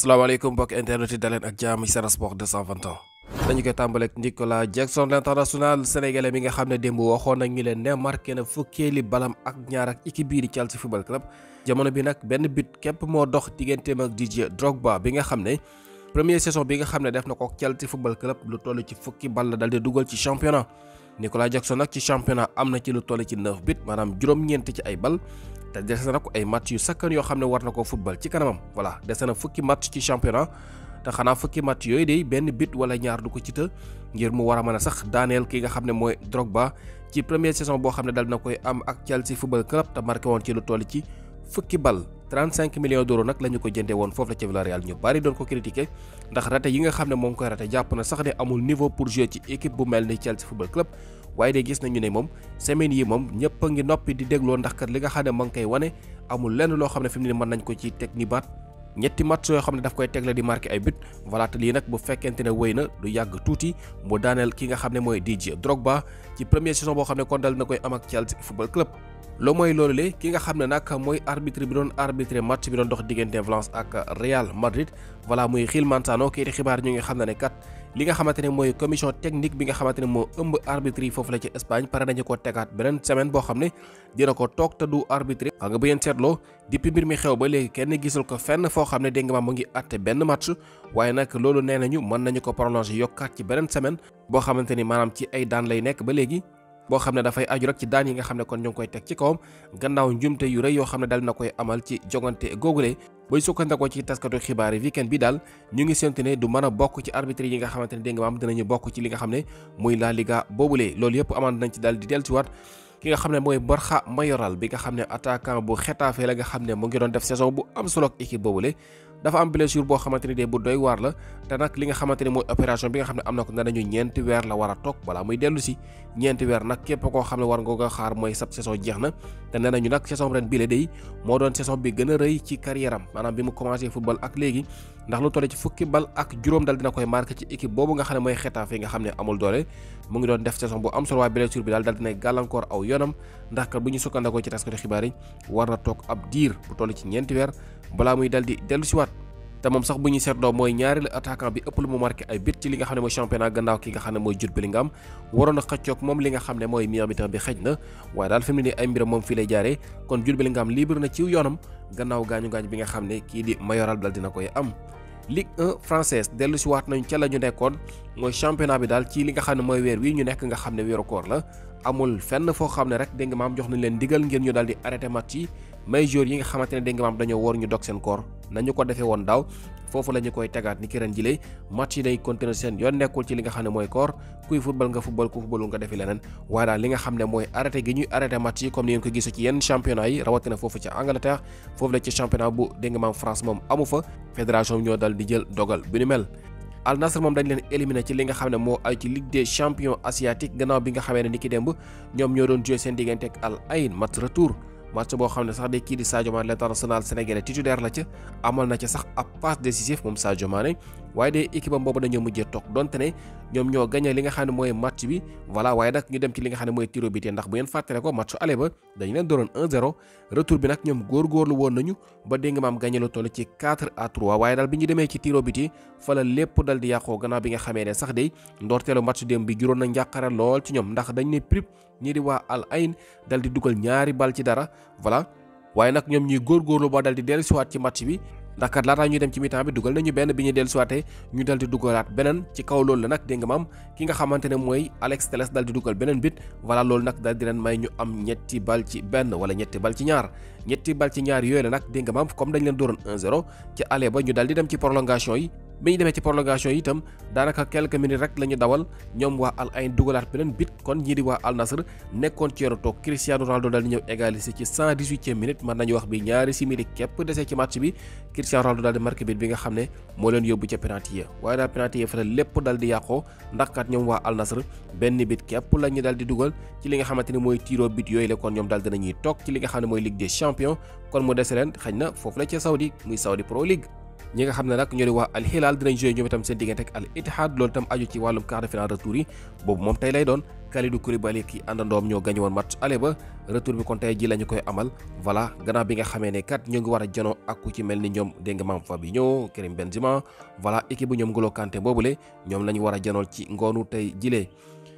salaamaaleykum mbokk internet yi daleen ak jaamu Sen Sports 221 dañu koy tàmbaleeg Nicolas Jackson l'international sénégalais mi nga xam ne démb waxoon na ñu leen ne marqué na fukkeeli balam ak ñaar ak équipe bii di Chelsea football club jamono bi nag benn bit képp moo dox digganteem ak Didier Drogba bi nga xam ne premier saison bi nga xam ne def na ko Chelsea football club lu toll ci fukki bal la dal di dugal ci championnat Nicolas Jackson nag ci championnat am na ci lu toll ci bit maanaam juróom ci ay bal te dese na ko ay match yu sakkan yoo xam ne war na ko football ci kanamam voilà dese na fukki match ci championnat te xanaa fukki match yooyu day benn bit wala ñaar du ko ci të ngir mu war a mën a sax daaneel ki nga xam ne mooy Drogba ci première saison boo xam ne dal na koy am ak Chelsea football club te marqué woon ci lu toll ci fukki bal 35 millions d'euros nag la ñu ko jëndee woon foofu la ca Villarreal ñu bari doon ko critiqué ndax rate yi nga xam ne moo ngi koy rate jàpp na sax ne amul pour jouer ci équipe bu mel ni Chelsea waaye de gis nañu ne moom semaine yi moom ñëpp a ngi noppi di dégloo ndax kat li nga xam ne ma ngi koy wane amul lenn loo xam ne fi mu mën nañ ko ci teg ni baat ñetti match yoo xam ne daf koy tegle di marqué ay but voilà te lii nag bu fekkente ne wéy na du yàgg tuuti mu daaneel ki nga xam ne mooy DJ Drogba ci premier saison boo xam ne kon dal na koy am ak Chelsea Football Club. loo mooy loolu le ki nga xam ne nag mooy arbitre bi doon arbitre match bi doon dox diggante Valence ak Real Madrid voilà muy Gil Manzano xibaar ñu ngi xam ne kat. li nga xamante ne mooy commission technique bi nga xamante ne moo ëmb arbitre yi foofu la ci Espagne pare nañu ko tegaat beneen semaine boo xam ne dina ko toog te du arbitre xam nga bu seetloo depuis mbir mi xew ba léegi kenn gisul ko fenn foo xam ne dégg nga ma mu ngi àtte benn match waaye nag loolu nee nañu mën nañu ko prolonger yokkaat ci beneen semaine boo xamante ni maanaam ci ay daan lay nekk ba léegi boo xam ne dafay aju rek ci daan yi nga xam ne kon ñu ngi koy teg ci kawam gannaaw njumte yu rëy yoo xam ne dal na koy amal ci jogante googule bay sukkandakoo ci taskatu xibaar yi weekend bi daal ñu ngi séntu ne du a bokk ci arbitre yi nga xamante ne nga maam dinañu bokk ci li nga xam ne muy La Liga loolu yëpp amaan nañ ci daal di dellusiwaat ki nga xam ne mooy Borja Mayoral bi nga xam ne attaquant bu Xetafe la nga xam ne mu ngi doon def saison bu am solo ak équipe boobule dafa am blessure boo xamante ni day bu doy waar la te nag li nga xamante ni mooy opération bi nga xam ne am na ko danañu ñeenti weer la war a toog balaa muy dellu si ñeenti weer nag képp koo xam ne war nga ko xaar mooy sab saison jeex na te nee nañu nag saison ren bile day moo doon saison bi gën a rëy ci carrière am maanaam bi mu commencé football ak léegi ndax lu toll ci fukki bal ak juróom dal dina koy marqué ci équipe boobu nga xam ne mooy Xetafe nga xam ne amul doole mu ngi doon def saison bu am solo waaye blessure bi daal dal dina gàllankoor aw yoonam ndax kat bu ñu sukkandakoo ci taskati xibaar yi war na toog ab diir bu toll ci ñeenti weer balaa muy dal di dellu si waat te moom sax bu ñuy seetloo mooy attaquant bi ëpp lu mu marqué ay bit ci li nga xam ne mooy championnat gannaaw ki nga xam ne mooy Jude Bellingham waroon a xëccoog moom li nga xam bi xëj na waaye daal fi mu ne nii ay kon Jude Bellingham libre na ci yoonam gannaaw gaañu gaañ bi nga di Mayoral dal dina koy am Ligue 1 française dellu waat nañ ca la ñu nekkoon mooy championnat bi daal ci li nga xam ne mooy weer wi ñu nekk nga xam ne weeru koor la amul fenn foo xam ne rek dégg nga maam jox nañ leen digal ngeen ñu daal di arrêté match yi may joueurs yi nga xamante ne dégg nga maam dañoo war ñu dog seen koor nañu ko defee woon daaw foofu la koy tegaat ni ki ren jile match yi day continuer seen yoon nekkul ci li nga xam ne mooy koor kuy football nga football ku footballul nga defi leneen waaye daal nga xam ne mooy arrêté gi ñuy arrêté match yi comme ni ngeen ko gisee ci yenn championnat yi rawatina foofu ci Angleterre foofu la ci championnat bu dégg France moom amu fa fédération bi ñoo dal di jël dogal bi nu mel Al Nassr moom dañ leen éliminé ci li nga xam ne moo ay ci Ligue des champions asiatique gannaaw bi nga xamee ne ni ki démb ñoom ñoo doon joué seen diggante ak Al Ain match match boo xam ne sax day kii di Sadio Mané l'international sénégalais titulaire la ca amal na ca sax ab passe décisif moom Sadio Mané waaye de équipe am dañoo mujjee toog donte ne ñoom ñoo gagné li nga xam ne mooy match bi voilà waaye nag ñu dem ci li nga xam ne mooy tiro bi bu ngeen fàttale ko match ale ba dañu leen dooroon 1 nag ñoom góorgóorlu woon nañu ba dégg nga maam gagné lu toll ci 4 à 3 waaye daal bi ñu demee ci tiro fa la lépp dal di yàqoo gannaaw bi nga xamee ne sax de ndoorteelu match démb bi juróon na njàqare lool ci ñoom ndax dañ ne prip ñii di waa Al dal di dugal ñaari bal ci dara voilà waaye nag ñoom ñuy góorgóorlu ba dal di dellusiwaat ci match bi ndax kat laataa ñuy dem ci mi bi dugal nañu benn bi ñu dellu siwaate ñu dal di dugalaat beneen ci kaw loolu la nag dégg nga maam ki nga xamante ne mooy Alex Telles dal di dugal beneen bit voilà loolu nag dal di leen may ñu am ñetti bal ci benn wala ñetti bal ci ñaar ñetti bal ci ñaar yooyu la nag di nga maam comme dañ leen doron 1-0 ci aller ba ñu daal di dem ci prolongation yi biñu demee ci prolongation yi itam daanaka quelques minutes rek lañu dawal ñoom wa al ayn dugalaat beneen bit kon ñii di waa al nasr nekkoon ci yoonu toog cristiano ronaldo daal di ñëw égaliser ci 118e minute mën nañu wax bi ñaari simili képp desee ci match bi cristiano ronaldo daal di marqué bit bi nga xam ne moo leen yóbbu ca penalty ya. waaye daal penalty ya fa lépp daal di yàqoo ndax kat ñoom al nasr benn bit képp la ñu daal di dugal ci li nga tiro bit yooyu le kon ñoom dalde dinañuy toog ci li nga xam ne ligue des champion kon mu dese leen xañ na foofu la ca Saudi muy Saudi Pro League ñi nga xam ne nag ñoo di waa Al Hilal dinañ ñoom itam seen diggante ak Al Ittihad loolu itam aju ci wàllum quart de retour yi boobu moom tey lay doon Kalidou Koulibaly ki àndandoom ñoo gañu match aller ba retour bi kon tey ji la koy amal voilà gannaaw bi nga xamee ne kat ñoo ngi war a janoo ak ku ci mel ni ñoom dégg nga maam Fabinho Karim Benzema voilà équipe ñoom Ngolo a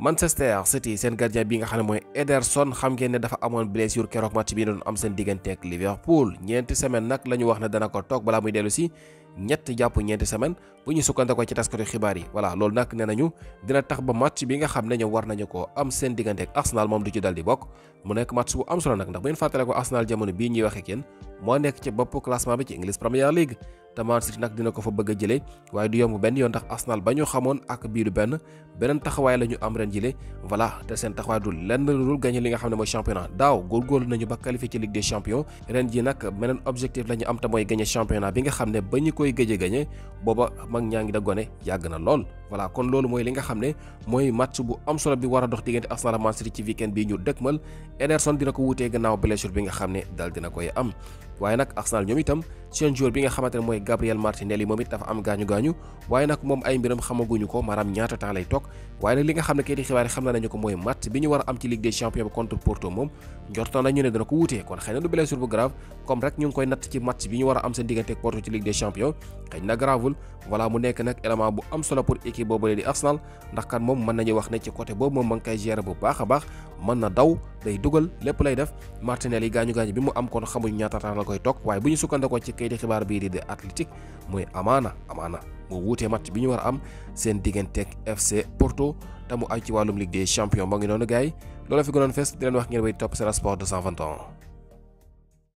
Manchester City seen gardien bi nga Ederson xam ngeen ne dafa amoon blessure keroog match bi doon am ak Liverpool ñeenti semaine nak la ñu wax ne dana ko toog balaa muy dellu si ñett jàpp ñeenti semaine bu ñu sukkandikoo ci taskatu xibaar yi voilà loolu nag nee dina tax ba match bi nga xam ñu war nañu ko am ak Arsenal moom du ci dal di bokk mu nekk match bu am solo nag ndax bu ko Arsenal jamono bii ñuy wax ak yéen moo nekk ci bopp classement bi ci English Premier League te Man nag dina ko fa bëgg a jëlee waaye du yomb benn yoon ndax Arsenal ba ñu xamoon ak biiru benn beneen taxawaay lañu am ren jile voilà te seen taxawaay du lenn lu dul gagné li nga xam ne mooy championnat daaw góorgóorlu nañu ba qualifié ci Ligue des champions ren ji nag beneen objectif lañu am te mooy gagné championnat bi nga xam ne ba ñu koy gëj a booba mag ñaa ngi da gone yàgg na lool voilà kon loolu mooy li nga xam ne mooy match bu am solo bi war a dox diggante Arsenal ak ci weekend bi ñu dëkkmal Ederson dina ko wutee gannaaw blessure bi nga xam ne dal dina koy am waaye kon rek ñu ngi koy natt ci match bi ñu war a am seen diggante Porto ci Ligue des Champions xëy na gravul voilà mu nekk nag élément bu am solo pour équipe équipe boobule di Arsenal ndax kat moom mën nañu wax ne ci côté boobu moom ma ngi koy gérer bu baax a baax mën na daw day dugal lépp lay def Martinelli gaañu gaañu bi mu am kon xamuñu ñaata temps la koy toog waaye bu ñu sukkandikoo ci kayiti xibaar bii di di mooy amaana amaana moo wuutee match bi ñu war a am seen digganteeg FC Porto te ay ci wàllum Ligue des Champions moo ngi noonu gars yi fi gënoon fees di leen wax ngeen way topp Sen Sports